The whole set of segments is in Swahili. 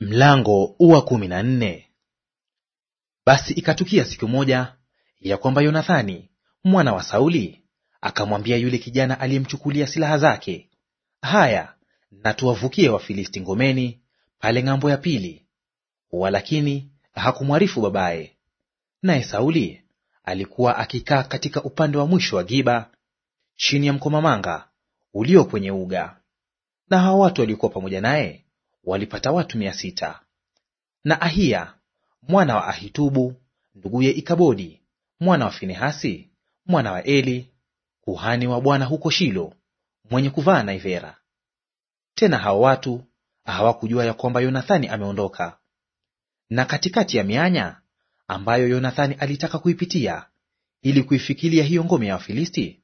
Mlango wa kumi na nne. Basi ikatukia siku moja ya kwamba Yonathani mwana wa Sauli akamwambia yule kijana aliyemchukulia silaha zake, haya na tuwavukie Wafilisti ngomeni pale ng'ambo ya pili, walakini hakumwarifu babaye. Naye Sauli alikuwa akikaa katika upande wa mwisho wa Giba chini ya mkomamanga ulio kwenye uga, na hao watu waliokuwa pamoja naye walipata watu mia sita. Na Ahiya mwana wa Ahitubu nduguye Ikabodi mwana wa Finehasi mwana wa Eli kuhani wa Bwana huko Shilo mwenye kuvaa naivera. Tena hao watu hawakujua ya kwamba Yonathani ameondoka. Na katikati ya mianya ambayo Yonathani alitaka kuipitia ili kuifikilia hiyo ngome ya Wafilisti,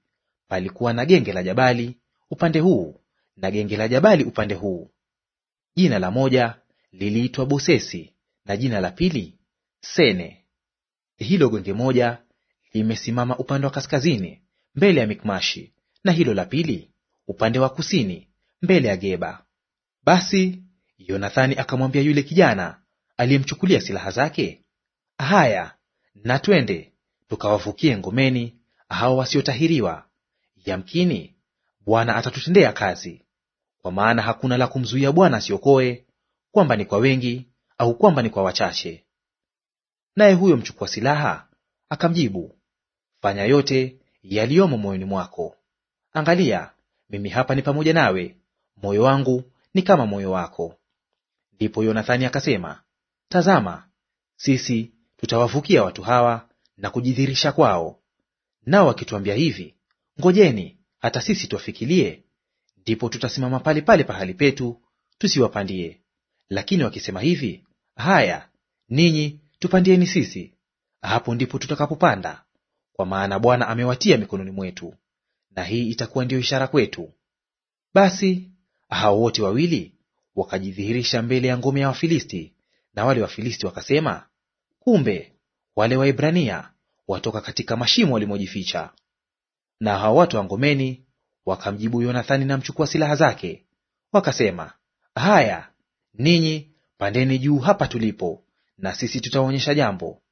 palikuwa na genge la jabali upande huu na genge la jabali upande huu. Jina la moja liliitwa Bosesi na jina la pili Sene. Hilo gonge moja limesimama upande wa kaskazini mbele ya Mikmashi, na hilo la pili upande wa kusini mbele ya Geba. Basi Yonathani akamwambia yule kijana aliyemchukulia silaha zake, haya na twende tukawavukie ngomeni hao wasiotahiriwa, yamkini Bwana atatutendea kazi. Kwa maana hakuna la kumzuia Bwana asiokoe, kwamba ni kwa wengi au kwamba ni kwa wachache. Naye huyo mchukua silaha akamjibu, fanya yote yaliyomo moyoni mwako. Angalia, mimi hapa ni pamoja nawe, moyo wangu ni kama moyo wako. Ndipo Yonathani akasema, tazama, sisi tutawavukia watu hawa na kujidhirisha kwao, nao wakituambia hivi, ngojeni hata sisi twafikilie ndipo tutasimama pale pale pahali petu, tusiwapandie. Lakini wakisema hivi, haya, ninyi tupandieni sisi, hapo ndipo tutakapopanda, kwa maana Bwana amewatia mikononi mwetu, na hii itakuwa ndiyo ishara kwetu. Basi hao wote wawili wakajidhihirisha mbele ya ngome ya Wafilisti, na wale Wafilisti wakasema, kumbe wale Waebrania watoka katika mashimo walimojificha. Na hao watu wa ngomeni Wakamjibu Yonathani na mchukua silaha zake, wakasema, haya, ninyi pandeni juu hapa tulipo, na sisi tutaonyesha jambo.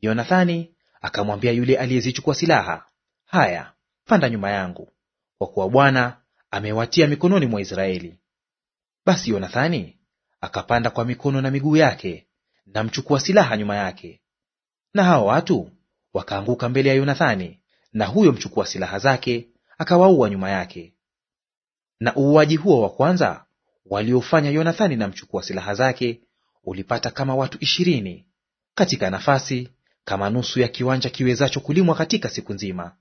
Yonathani akamwambia yule aliyezichukua silaha, haya, panda nyuma yangu, kwa kuwa Bwana amewatia mikononi mwa Israeli. Basi Yonathani akapanda kwa mikono na miguu yake, na mchukua silaha nyuma yake. Na hao watu wakaanguka mbele ya Yonathani na huyo mchukua silaha zake akawaua nyuma yake. Na uuaji huo wa kwanza waliofanya Yonathani na mchukua silaha zake ulipata kama watu ishirini katika nafasi kama nusu ya kiwanja kiwezacho kulimwa katika siku nzima.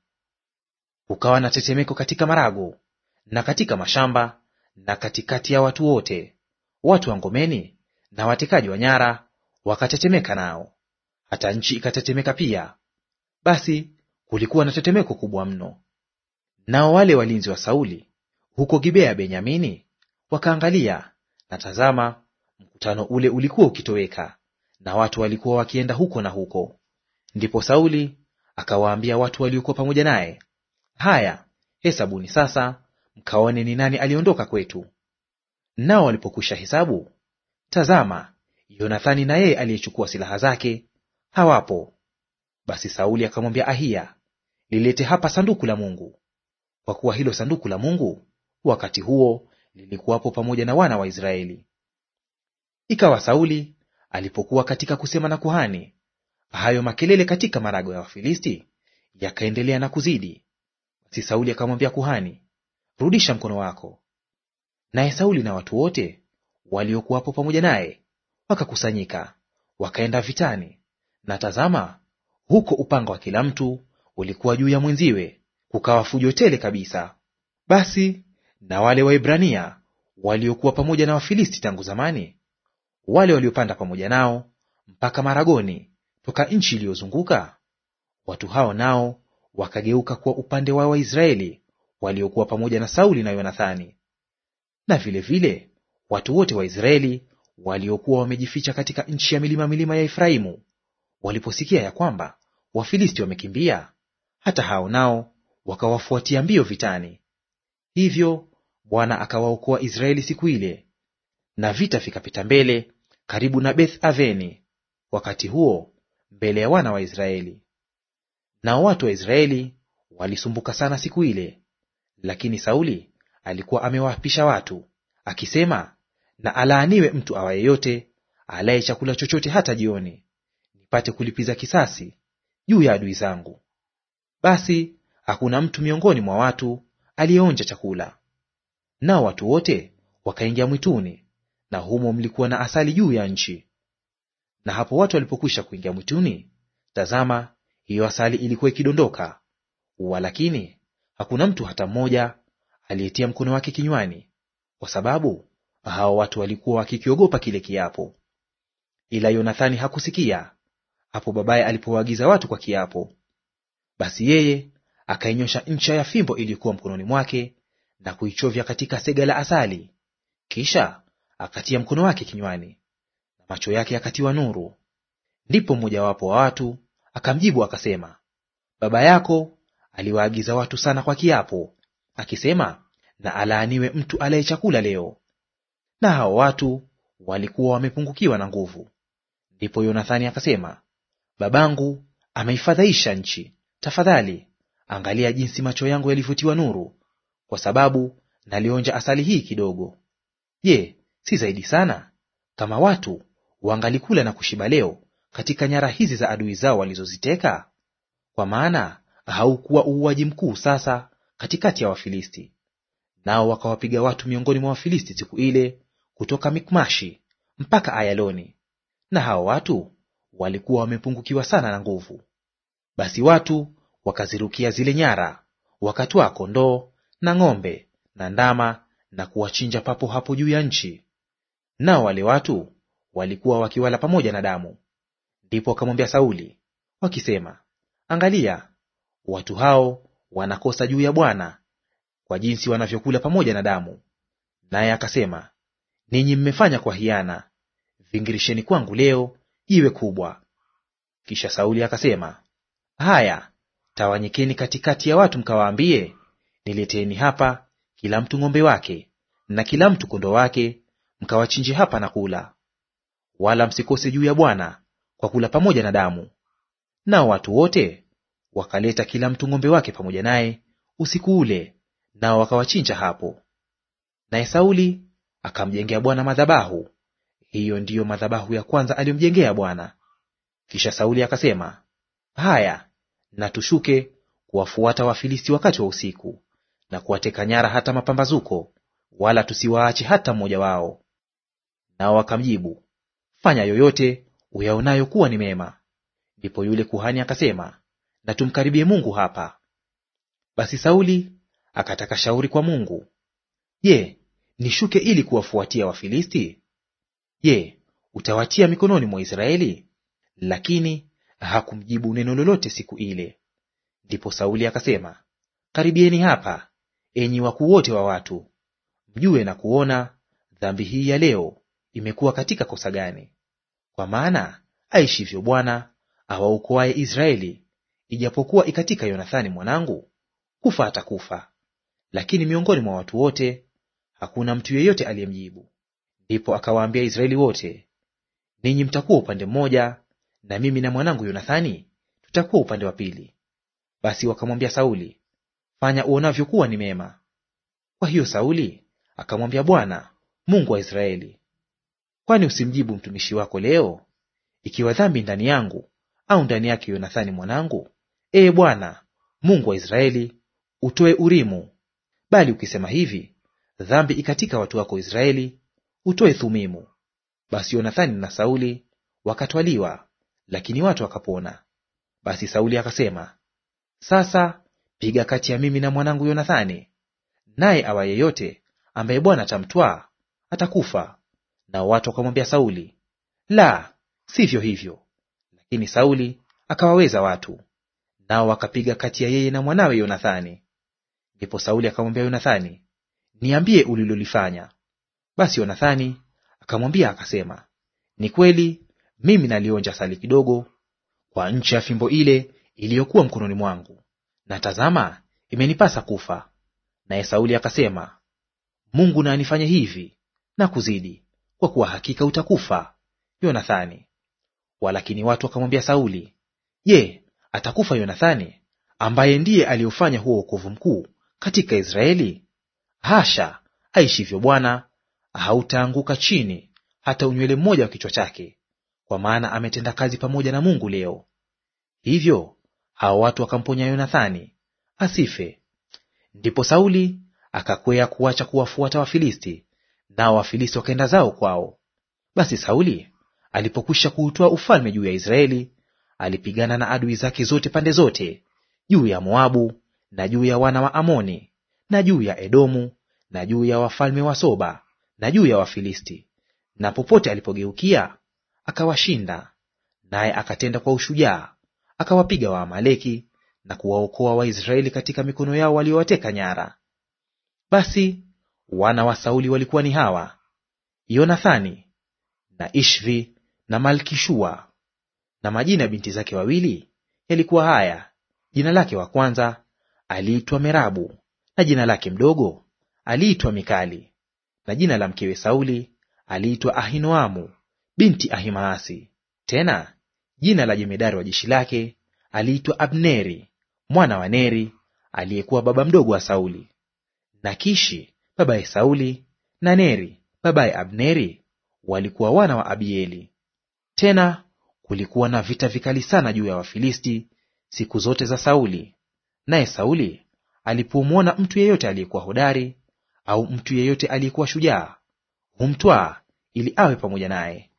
Kukawa na tetemeko katika marago na katika mashamba na katikati ya watu wote; watu wa ngomeni na watekaji wa nyara wakatetemeka nao, hata nchi ikatetemeka pia. Basi kulikuwa na tetemeko kubwa mno. Nao wale walinzi wa Sauli huko Gibea ya Benyamini wakaangalia, na tazama, mkutano ule ulikuwa ukitoweka, na watu walikuwa wakienda huko na huko. Ndipo Sauli akawaambia watu waliokuwa pamoja naye, haya, hesabuni sasa, mkaone ni nani aliondoka kwetu. Nao walipokwisha hesabu, tazama, Yonathani na yeye aliyechukua silaha zake hawapo. Basi Sauli akamwambia Ahiya, lilete hapa sanduku la Mungu kwa kuwa hilo sanduku la Mungu wakati huo lilikuwapo pamoja na wana wa Israeli. Ikawa Sauli alipokuwa katika kusema na kuhani, hayo makelele katika marago ya Wafilisti yakaendelea na kuzidi. Basi Sauli akamwambia kuhani, rudisha mkono wako. Naye Sauli na watu wote waliokuwapo pamoja naye wakakusanyika, wakaenda vitani, na tazama, huko upanga wa kila mtu ulikuwa juu ya mwenziwe, kukawa fujo tele kabisa. Basi na wale Waebrania waliokuwa pamoja na Wafilisti tangu zamani, wale waliopanda pamoja nao mpaka Maragoni toka nchi iliyozunguka, watu hao nao wakageuka kuwa upande wa Waisraeli waliokuwa pamoja na Sauli na Yonathani, na vilevile vile, watu wote Waisraeli waliokuwa wamejificha katika nchi ya milima milima ya Efraimu waliposikia ya kwamba Wafilisti wamekimbia, hata hao nao wakawafuatia mbio vitani. Hivyo Bwana akawaokoa Israeli siku ile, na vita vikapita mbele karibu na Beth Aveni, wakati huo mbele ya wana wa Israeli. Nao watu wa Israeli walisumbuka sana siku ile, lakini Sauli alikuwa amewaapisha watu akisema, na alaaniwe mtu awa yeyote alaye chakula chochote hata jioni, nipate kulipiza kisasi juu ya adui zangu. Basi hakuna mtu miongoni mwa watu aliyeonja chakula. Nao watu wote wakaingia mwituni, na humo mlikuwa na asali juu ya nchi. Na hapo watu walipokwisha kuingia mwituni, tazama, hiyo asali ilikuwa ikidondoka, walakini hakuna mtu hata mmoja aliyetia mkono wake kinywani, kwa sababu hao watu walikuwa wakikiogopa kile kiapo. Ila Yonathani hakusikia hapo babaye alipowaagiza watu kwa kiapo. Basi yeye akainyosha ncha ya fimbo iliyokuwa mkononi mwake na kuichovya katika sega la asali, kisha akatia mkono wake kinywani, na macho yake akatiwa nuru. Ndipo mmojawapo wa watu akamjibu akasema, baba yako aliwaagiza watu sana kwa kiapo, akisema, na alaaniwe mtu alaye chakula leo. Na hao watu walikuwa wamepungukiwa na nguvu. Ndipo Yonathani akasema, babangu ameifadhaisha nchi, tafadhali Angalia jinsi macho yangu yalivutiwa nuru, kwa sababu nalionja asali hii kidogo. Je, si zaidi sana? Kama watu wangalikula na kushiba leo katika nyara hizi za adui zao walizoziteka. Kwa maana haukuwa uuaji mkuu sasa katikati ya Wafilisti. Nao wakawapiga watu miongoni mwa Wafilisti siku ile kutoka Mikmashi mpaka Ayaloni, na hao watu walikuwa wamepungukiwa sana na nguvu. Basi watu wakazirukia zile nyara, wakatwaa kondoo na ng'ombe na ndama na kuwachinja papo hapo juu ya nchi. Nao wale watu walikuwa wakiwala pamoja na damu. Ndipo wakamwambia Sauli wakisema, angalia, watu hao wanakosa juu ya Bwana kwa jinsi wanavyokula pamoja na damu. Naye akasema, ninyi mmefanya kwa hiana, vingirisheni kwangu leo jiwe kubwa. Kisha Sauli akasema, haya, Tawanyikeni katikati ya watu mkawaambie, nileteeni hapa kila mtu ng'ombe wake na kila mtu kondoo wake, mkawachinje hapa na kula. Wala msikose juu ya Bwana kwa kula pamoja na damu. Nao watu wote wakaleta kila mtu ng'ombe wake pamoja naye usiku ule, nao wakawachinja hapo. Naye Sauli akamjengea Bwana madhabahu. Hiyo ndiyo madhabahu ya kwanza aliyomjengea Bwana. Kisha Sauli akasema, haya na tushuke kuwafuata Wafilisti wakati wa usiku, na kuwateka nyara hata mapambazuko, wala tusiwaache hata mmoja wao. Nao wakamjibu, fanya yoyote uyaonayo kuwa ni mema. Ndipo yule kuhani akasema, na tumkaribie Mungu hapa. Basi Sauli akataka shauri kwa Mungu. Je, nishuke ili kuwafuatia Wafilisti? Je, utawatia mikononi mwa Israeli? Lakini hakumjibu neno lolote siku ile. Ndipo Sauli akasema, karibieni hapa, enyi wakuu wote wa watu, mjue na kuona dhambi hii ya leo imekuwa katika kosa gani. Kwa maana aishivyo Bwana awaokoaye Israeli, ijapokuwa ikatika Yonathani mwanangu, kufa atakufa. Lakini miongoni mwa watu wote hakuna mtu yeyote aliyemjibu. Ndipo akawaambia Israeli wote, ninyi mtakuwa upande mmoja na mimi na mwanangu Yonathani tutakuwa upande wa pili. Basi wakamwambia Sauli, fanya uonavyo kuwa ni mema. Kwa hiyo Sauli akamwambia Bwana Mungu wa Israeli, kwani usimjibu mtumishi wako leo? Ikiwa dhambi ndani yangu au ndani yake Yonathani mwanangu, ee Bwana Mungu wa Israeli, utoe Urimu. Bali ukisema hivi, dhambi ikatika watu wako Israeli, utoe Thumimu. Basi Yonathani na Sauli wakatwaliwa lakini watu wakapona. Basi Sauli akasema, sasa piga kati ya mimi na mwanangu Yonathani, naye awa yeyote ambaye Bwana atamtwaa atakufa. Nao watu wakamwambia Sauli, la sivyo hivyo. Lakini Sauli akawaweza watu, nao wakapiga kati ya yeye na mwanawe Yonathani. Ndipo Sauli akamwambia Yonathani, niambie ulilolifanya. Basi Yonathani akamwambia akasema, ni kweli mimi nalionja sali kidogo kwa ncha ya fimbo ile iliyokuwa mkononi mwangu, na tazama, imenipasa kufa. Naye Sauli akasema, Mungu na anifanye hivi na kuzidi, kwa kuwa hakika utakufa, Yonathani. Walakini watu wakamwambia Sauli, Je, atakufa Yonathani ambaye ndiye aliyofanya huo wokovu mkuu katika Israeli? Hasha! Aishivyo Bwana, hautaanguka chini hata unywele mmoja wa kichwa chake kwa maana ametenda kazi pamoja na Mungu leo. Hivyo hao watu wakamponya Yonathani asife. Ndipo Sauli akakwea kuacha kuwafuata Wafilisti, nao Wafilisti wakaenda zao kwao. Basi Sauli alipokwisha kuutoa ufalme juu ya Israeli, alipigana na adui zake zote pande zote, juu ya Moabu na juu ya wana wa Amoni na juu ya Edomu na juu ya wafalme wa Soba na juu ya Wafilisti, na popote alipogeukia akawashinda, naye akatenda kwa ushujaa, akawapiga Waamaleki na kuwaokoa Waisraeli katika mikono yao waliowateka nyara. Basi wana wa Sauli walikuwa ni hawa: Yonathani na Ishvi na Malkishua. Na majina ya binti zake wawili yalikuwa haya: jina lake wa kwanza aliitwa Merabu, na jina lake mdogo aliitwa Mikali, na jina la mkewe Sauli aliitwa Ahinoamu binti Ahimaasi. Tena jina la jemedari wa jeshi lake aliitwa Abneri mwana wa Neri, aliyekuwa baba mdogo wa Sauli. Na Kishi babaye Sauli na Neri babaye Abneri walikuwa wana wa Abieli. Tena kulikuwa na vita vikali sana juu ya Wafilisti siku zote za Sauli, naye Sauli alipomwona mtu yeyote aliyekuwa hodari au mtu yeyote aliyekuwa shujaa, humtwaa ili awe pamoja naye.